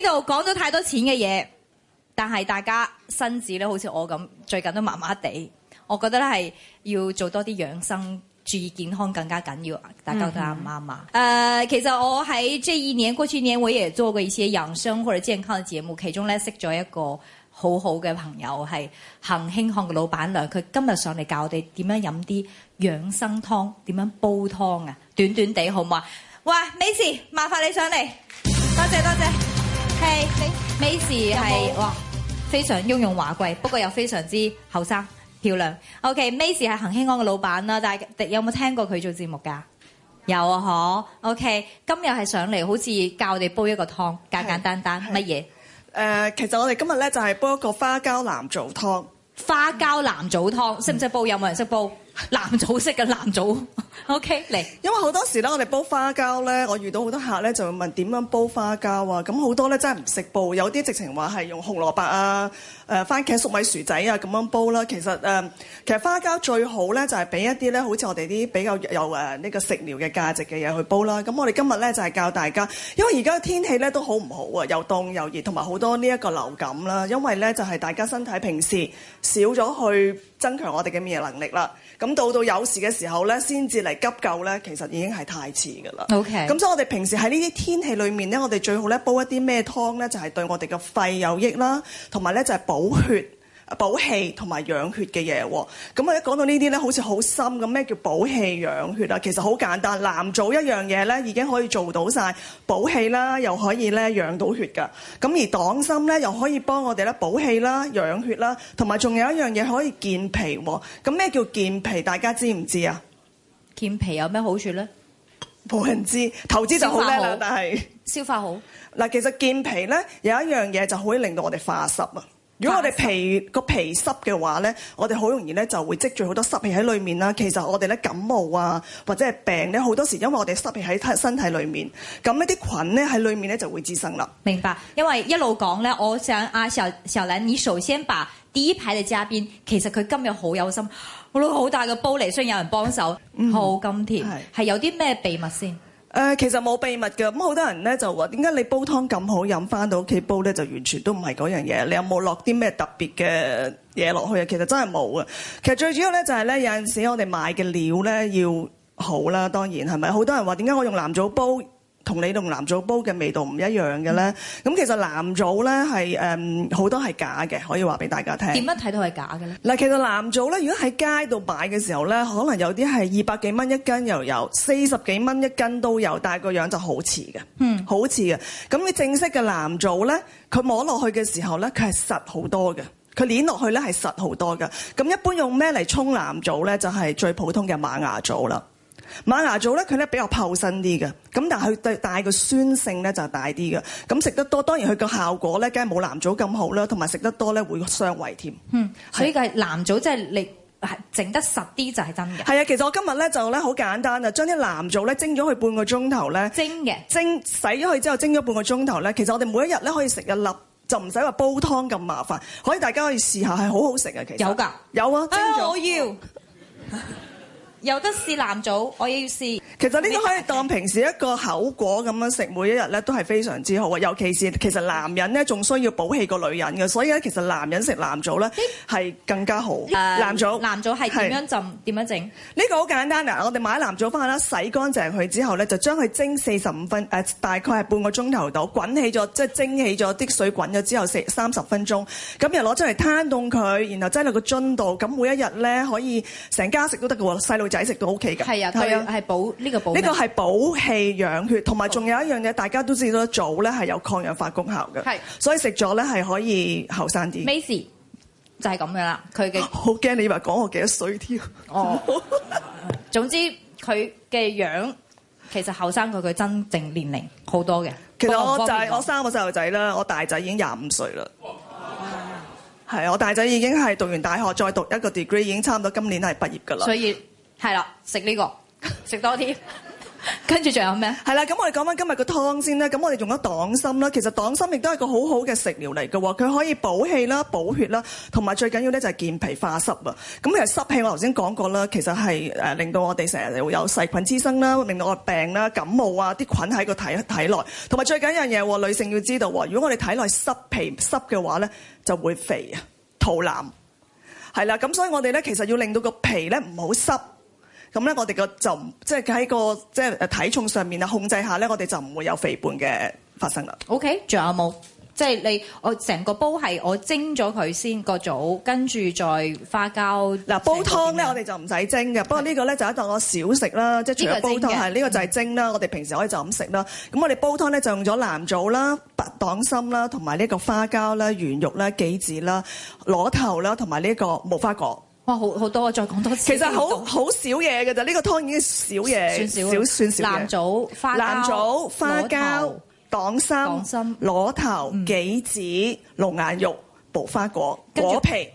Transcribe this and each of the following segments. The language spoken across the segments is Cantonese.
呢度講咗太多錢嘅嘢，但係大家身子咧，好似我咁最近都麻麻地。我覺得咧係要做多啲養生，注意健康更加緊要。大家大家啱唔啱，誒、嗯哼呃，其實我喺 J2 過去年，我也做過一些養生或者健康的節目，其中咧識咗一個好好嘅朋友，係恒興康嘅老闆娘。佢今日上嚟教我哋點樣飲啲養生湯，點樣煲湯啊？短短地好唔好？喂，Macy，麻煩你上嚟，多謝多謝。Hey, Hey. Macy 係哇，非常雍容華貴，不過又非常之後生漂亮。OK, Macy 係恒興安嘅老闆啦，但係，有冇聽過佢做節目㗎？有啊，嗬 OK 今。今日係上嚟好似教我哋煲一個湯，簡簡單單乜嘢？誒，麼 uh, 其實我哋今日咧就係煲一個花膠南棗湯。花膠南棗湯識唔識煲？有冇人識煲？南棗式嘅南棗。藍棗 OK，嚟，okay, 因為好多時咧，我哋煲花膠咧，我遇到好多客咧就會問點樣煲花膠啊，咁好多咧真係唔識煲，有啲直情話係用紅蘿蔔啊、誒番茄、粟米薯仔啊咁樣煲啦。其實誒、嗯，其實花膠最好咧就係俾一啲咧，好似我哋啲比較有誒呢、這個食療嘅價值嘅嘢去煲啦。咁、嗯、我哋今日咧就係教大家，因為而家嘅天氣咧都好唔好啊，又凍又熱，同埋好多呢一個流感啦。因為咧就係大家身體平時少咗去增強我哋嘅免疫能力啦，咁到到有事嘅時候咧先至嚟。急救咧，其實已經係太遲㗎啦。OK，咁、嗯、所以我哋平時喺呢啲天氣裏面咧，我哋最好咧煲一啲咩湯咧，就係、是、對我哋嘅肺有益啦，同埋咧就係補血補氣同埋養血嘅嘢。咁我一講到呢啲咧，好似好深咁咩叫補氣養血啊？其實好簡單，南棗一樣嘢咧已經可以做到晒補氣啦，又可以咧養到血㗎。咁而黨參咧又可以幫我哋咧補氣啦、養血啦，同埋仲有一樣嘢可以健脾。咁咩叫健脾？大家知唔知啊？健脾有咩好處呢？冇人知，投資就好叻啦，但係消化好。其實健脾咧有一樣嘢就可以令到我哋化濕。如果我哋皮個皮濕嘅話咧，我哋好容易咧就會積聚好多濕氣喺裏面啦。其實我哋咧感冒啊，或者係病咧，好多時因為我哋濕氣喺身身體裏面，咁呢啲菌咧喺裏面咧就會滋生啦。明白，因為一路講咧，我想阿、啊、小小蘭，你首先把 D 排嚟揸邊，其實佢今日好有心，攞好大嘅煲嚟，想有人幫手，好甘、嗯、哼甜，係是有啲咩秘密先？誒、呃、其實冇秘密㗎，咁好多人咧就話點解你煲湯咁好飲，返到屋企煲咧就完全都唔係嗰樣嘢。你有冇落啲咩特別嘅嘢落去？其實真係冇啊。其實最主要咧就係、是、咧有陣時我哋買嘅料咧要好啦，當然係咪？好多人話點解我用藍藻煲，同你用藍藻煲嘅味道唔一樣嘅咧，咁、嗯、其實藍藻咧係誒好多係假嘅，可以話俾大家聽。點樣睇到係假嘅咧？嗱，其實藍藻咧，如果喺街度買嘅時候咧，可能有啲係二百幾蚊一斤又有，四十幾蚊一斤都有，但係個樣就好似嘅，嗯，好似嘅。咁你正式嘅藍藻咧，佢摸落去嘅時候咧，佢係實好多嘅，佢捏落去咧係實好多嘅。咁一般用咩嚟沖藍藻咧？就係、是、最普通嘅馬牙藻啦。馬牙棗咧，佢咧比較泡身啲嘅，咁但係佢對帶個酸性咧就大啲嘅，咁食得多當然佢個效果咧梗係冇藍棗咁好啦，同埋食得多咧會傷胃添。嗯，所以嘅藍棗即係你整得實啲就係真嘅。係啊，其實我今日咧就咧好簡單啊，將啲藍棗咧蒸咗去半個鐘頭咧，蒸嘅的，蒸洗咗佢之後蒸咗半個鐘頭咧，其實我哋每一日咧可以食一粒，就唔使話煲湯咁麻煩，可以大家可以試下係好好食啊。其實有㗎的，有啊，蒸啊，我要。 有得試男組，我也要試。其實呢個可以當平時一個口果咁樣食，每一日咧都係非常之好嘅。尤其是其實男人咧仲需要補氣過女人嘅，所以咧其實男人食南棗咧係更加好。南棗，南棗係點樣浸？點是樣整？呢個好簡單嘅，我哋買南棗返去啦，洗乾淨佢之後咧，就將佢蒸四十五分，誒、呃、大概係半個鐘頭度滾起咗，即係蒸起咗啲水滾咗之後四三十分鐘，咁又攞出嚟攤凍佢，然後擠落個樽度，咁每一日咧可以成家食都得嘅喎，細路仔食都 OK 嘅。係啊，係啊對，係補保呢個係補氣養血，同埋仲有一樣嘢，大家都知道，早，咧係有抗氧化功效嘅。係是，所以食咗咧係可以後生啲。Macy M acy, 就係咁樣啦，佢嘅好驚你以為講我幾多歲添。哦， 總之佢嘅樣其實後生過佢真正年齡好多嘅。其實我就係、我三個細路仔啦，我大仔已經廿五歲啦。係啊，我大仔已經係讀完大學，再讀一個 degree，已經差唔多今年係畢業噶啦。所以係啦，食呢、這個。食 多啲一， 跟住仲有咩？係啦，咁我哋講返今日個湯先啦。咁我哋用咗黨參啦。其實黨參亦都係個好好嘅食療嚟嘅喎。佢可以補氣啦、補血啦，同埋最緊要咧就係健脾化濕啊。咁其實濕氣我頭先講過啦，其實係誒令到我哋成日會有細菌滋生啦，令到我哋病啦、感冒啊、啲菌喺個體體內。同埋最緊要嘅嘢，女性要知道喎，如果我哋體內濕皮濕嘅話咧，就會肥、啊、肚腩。係啦，咁所以我哋咧其實要令到個脾咧唔好濕。咁咧，我哋個就即係喺個即係體重上面啊，控制下咧，我哋就唔會有肥胖嘅發生啦。OK，仲有冇？即係你，我成個煲係我蒸咗佢先，個棗，跟住再花膠。嗱，煲湯咧，我哋就唔使蒸嘅。是不過呢個咧就當我小食啦，即係全部煲湯係呢個就係蒸啦。嗯、我哋平時可以就咁食啦。咁我哋煲湯咧就用咗南棗啦、白黨參啦、同埋呢個花膠啦、圓肉啦、杞子啦、螺頭啦，同埋呢個無花果。哇、哦，好好多啊！再講多次，其實好久好少嘢嘅咋。呢、這個湯已經少嘢，少算少。少少少藍棗、花藍棗、花膠、黨參頭、黨參、螺頭、嗯、杞子、龍眼肉、無花果、著果皮。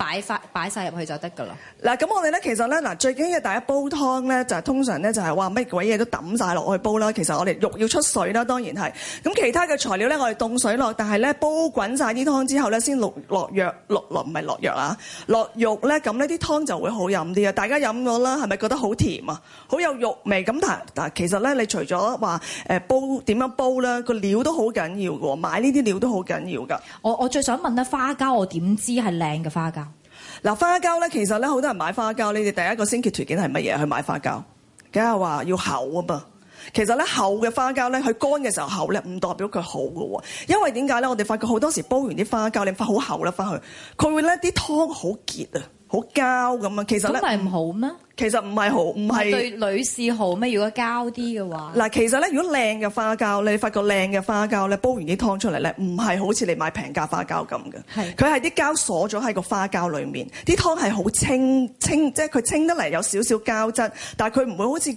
擺晒擺曬入去就得㗎啦。嗱，咁我哋咧其實咧嗱最緊要大家煲湯咧就係通常咧就係話乜鬼嘢都揼晒落去煲啦。其實我哋肉要出水啦，當然係。咁其他嘅材料咧我哋凍水落，但係咧煲滾晒啲湯之後咧先落落藥落落，唔係落藥啊，落肉咧。咁呢啲湯就會好飲啲啊！大家飲咗啦，係咪覺得好甜啊？好有肉味咁？但但其實咧，你除咗話誒煲點樣煲咧，個料都好緊要嘅喎。買呢啲料都好緊要㗎。我我最想問咧花膠，我點知係靚嘅花膠？嗱、啊、花膠咧，其實咧好多人買花膠，你哋第一個先決條件係乜嘢去買花膠？梗係話要厚啊嘛。其實咧厚嘅花膠咧，佢乾嘅時候厚咧，唔代表佢好㗎喎。因為點解咧？我哋發覺好多時煲完啲花膠，你發好厚喇翻去，佢會咧啲湯好結啊，好膠咁啊。其實咧，咁係唔好咩？其實唔係好，唔係對女士好咩？如果膠啲嘅話，嗱，其實咧，如果靚嘅花膠咧，你發覺靚嘅花膠咧，煲完啲湯出嚟咧，唔係好似你買平價花膠咁嘅，佢係啲膠鎖咗喺個花膠裡面，啲湯係好清清，即係佢清得嚟有少少膠質，但係佢唔會好似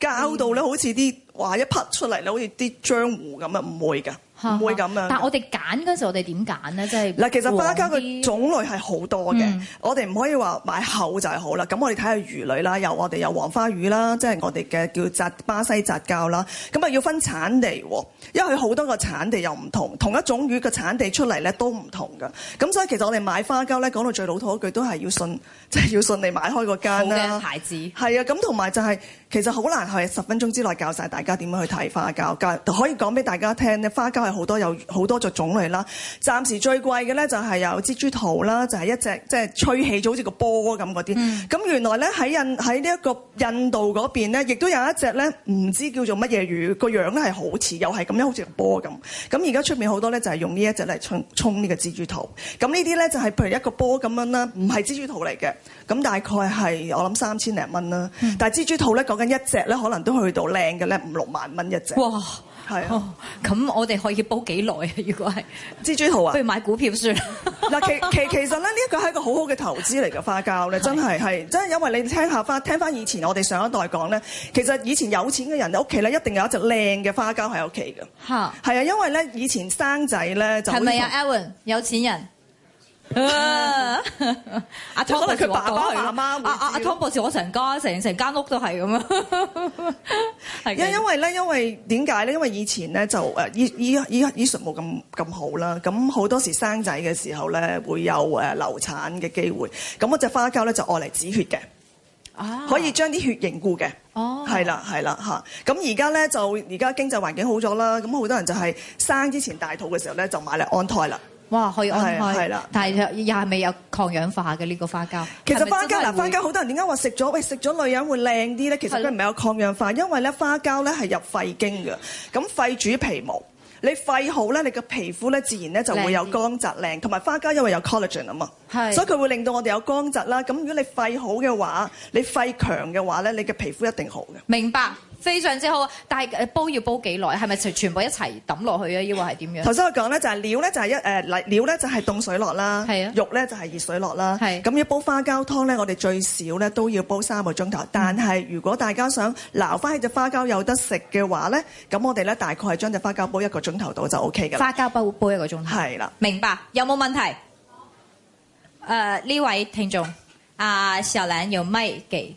膠到咧，好似啲哇一匹出嚟咧，好似啲漿糊咁啊，唔會㗎。唔 會咁樣， 但係我哋揀嗰時，我哋點揀呢？即係嗱，其實花膠嘅種類係好多嘅，mm. 我哋唔可以話買厚就係好啦。咁我哋睇下魚類啦，有我哋有黃花魚啦，即係我哋嘅叫雜巴西雜交啦。咁啊要分產地喎，因為佢好多個產地又唔同，同一種魚嘅產地出嚟咧都唔同嘅。咁所以其實我哋買花膠咧，講到最老土一句都係要順，即係要順利買開個間啦。好嘅牌子係啊，咁同埋就係其實好難係十分鐘之內教晒大家點樣去睇花膠，但可以講俾大家聽咧，花膠。好多有好多隻種類啦，暫時最貴嘅咧就係、是、有蜘蛛兔啦，就係、是、一隻即係吹起咗好似個波咁嗰啲。咁、嗯、原來咧喺印喺呢一個印度嗰邊咧，亦都有一隻咧唔知叫做乜嘢魚，個樣咧係好似又係咁樣好似個波咁。咁而家出面好多咧就係用呢一隻嚟沖沖呢個蜘蛛兔。咁呢啲咧就係譬如一個波咁樣啦，唔係蜘蛛兔嚟嘅。咁大概係我諗三千零蚊啦。嗯、但係蜘蛛兔咧講緊一隻咧，可能都去到靚嘅咧五六萬蚊一隻。哇！係啊，咁、oh, 我哋可以煲幾耐啊？如果係蜘蛛圖啊，不如買股票算。嗱， 其其其實咧，呢一個係一個好好嘅投資嚟嘅花膠咧，真係係，真係 是因為你聽下翻，聽翻以前我哋上一代講咧，其實以前有錢嘅人屋企咧，一定有一隻靚嘅花膠喺屋企嘅。嚇，係啊，因為咧以前生仔咧就係咪啊 Alan 有錢人。阿湯伯，佢爸爸媽媽、啊，阿阿阿湯博士，我成家，成成間屋都係咁啊！因因為咧，因為點解咧？因為以前咧就誒醫醫醫醫術冇咁咁好啦，咁好多時生仔嘅時候咧會有誒流產嘅機會，咁嗰隻花膠咧就愛嚟止血嘅，啊、可以將啲血凝固嘅，係啦係啦吓。咁而家咧就而家經濟環境好咗啦，咁好多人就係生之前大肚嘅時候咧就買嚟安胎啦。哇，可以安胎，係係但係又係未有抗氧化嘅呢、這個花膠。其實花膠係係花膠，好多人點解話食咗，食咗女人會靚啲咧？其實佢唔係有抗氧化，因為花膠咧係入肺經嘅。咁肺主皮毛，你肺好咧，你個皮膚自然就會有光澤靚。同埋花膠因為有 collagen 啊嘛係，所以佢會令到我哋有光澤啦。咁如果你肺好嘅話，你肺強嘅話咧，你嘅皮膚一定好嘅。明白。非常之好，但係煲要煲幾耐？係咪全部一齊抌落去啊？抑或係點樣？頭先我講咧就係、是、料咧就係一誒嚟料咧就係凍水落啦，是啊、肉咧就係熱水落啦。咁是、啊、要煲花膠湯咧，我哋最少咧都要煲三個鐘頭。但係如果大家想撈翻起隻花膠有得食嘅話咧，咁我哋咧大概係將隻花膠煲一個鐘頭度就 OK 噶。花膠煲煲一個鐘頭係啦，是啊、明白有冇問題？誒呢好、呃、位聽眾，阿、呃、小蘭有咪嘅？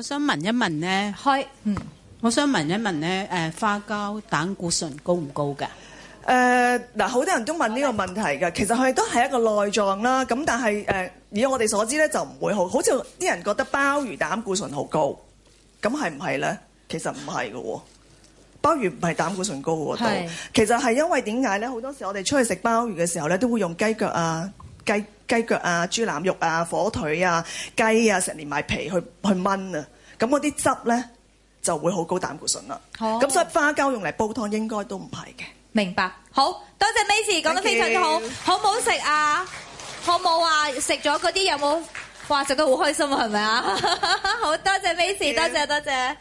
我想問一問咧，開，嗯，我想問一問咧，誒，花膠膽固醇高唔高㗎？誒，嗱，好多人都問呢個問題噶，其實佢都係一個內臟啦，咁但係誒，以我哋所知咧就唔會好，好似啲人覺得鮑魚膽固醇好高，咁係唔係咧？其實唔係㗎，鮑魚唔係膽固醇高嘅，其實係因為點解咧？好多時我哋出去食鮑魚嘅時候咧，都會用雞腳啊。雞雞腳啊、豬腩肉啊、火腿啊、雞啊，成連埋皮去去炆啊，咁嗰啲汁咧就會好高膽固醇啦，啊。好，咁所以花膠用嚟煲湯應該都唔係嘅。明白，好多謝 Macy 講得非常之好。Thank you. 好唔好食啊？好唔好啊？食咗嗰啲有冇？哇！食得好開心啊，係咪啊？ 好多謝 Macy 多謝多謝。多謝